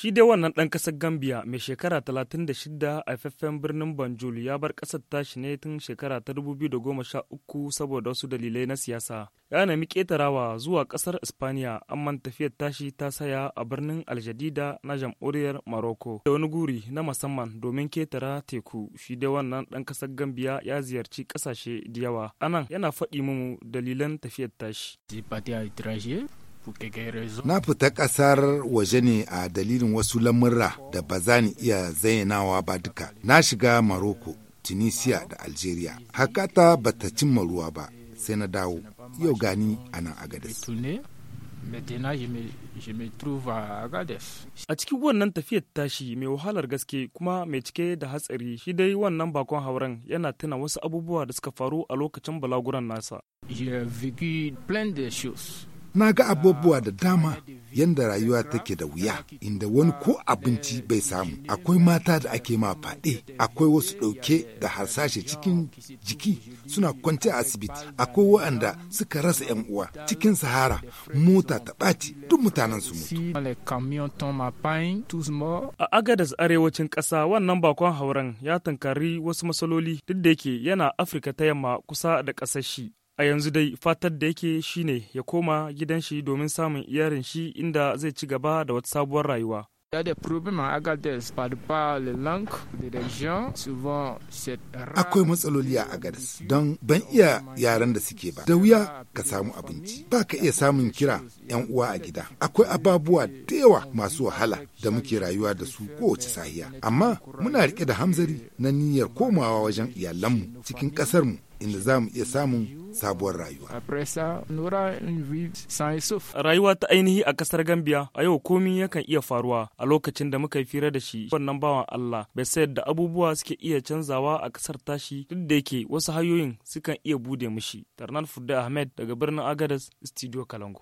Shi dai wannan ɗan ƙasar Gambia mai shekara 36 a faffen birnin Banjul ya bar ƙasar tashi ne tun shekara ta 2013 saboda wasu dalilai na siyasa. Ya nemi ƙetarawa zuwa ƙasar Espanya amma tafiyar tashi ta saya a birnin Aljadida na jam'uriyar maroko da wani guri na musamman domin ƙetara teku. Shi dai wannan ɗan ƙasar Gambia ya ziyarci ƙasashe da yawa. Anan yana faɗi mu dalilan tafiyar tashi. Na fita ƙasar waje ne a dalilin wasu lamurra da ba za ni iya zayyanawa ba duka. Na shiga Maroko, Tunisia da Algeria. Hakata ba ta cimma ruwa ba, sai na dawo. Yau gani a nan A cikin wannan tafiyar tashi mai wahalar gaske kuma mai cike da hatsari shi dai wannan bakon hauren yana tana wasu abubuwa da suka faru a lokacin balaguran nasa. Na ga abubuwa da dama yadda rayuwa take da wuya inda wani ko abinci bai samu akwai mata da ake ma faɗe akwai wasu ɗauke da harsashe cikin jiki suna kwanci a asibiti akwai waɗanda suka rasa yan uwa cikin sahara mota ta ɓaci duk mutanen su mutu a agadas arewacin ƙasa wannan bakon hauren ya tankari wasu matsaloli duk da yake yana afirka ta yamma kusa da ƙasar a yanzu dai fatar da yake shine ya koma gidan shi domin samun iyarin shi inda zai ci gaba da wata sabuwar rayuwa Akwai matsaloli a Agadez don ban iya yaran da suke ba. Da wuya ka samu abinci, ba ka iya samun kira 'yan uwa a gida. Akwai ababuwa da yawa masu wahala da muke rayuwa da su kowace sahiya. Amma muna rike da hamzari na niyyar komawa wajen iyalanmu cikin ƙasarmu inda za mu iya samun sabuwar rayuwa. Rayuwa ta ainihi a kasar Gambia a yau komi yakan iya faruwa a lokacin da muka yi fira da shi wannan bawan Allah bai sai da abubuwa suke iya canzawa a kasar tashi duk da yake wasu hanyoyin sukan iya bude mushi. Tarnan Fudda Ahmed daga birnin Agadas, Studio Kalango.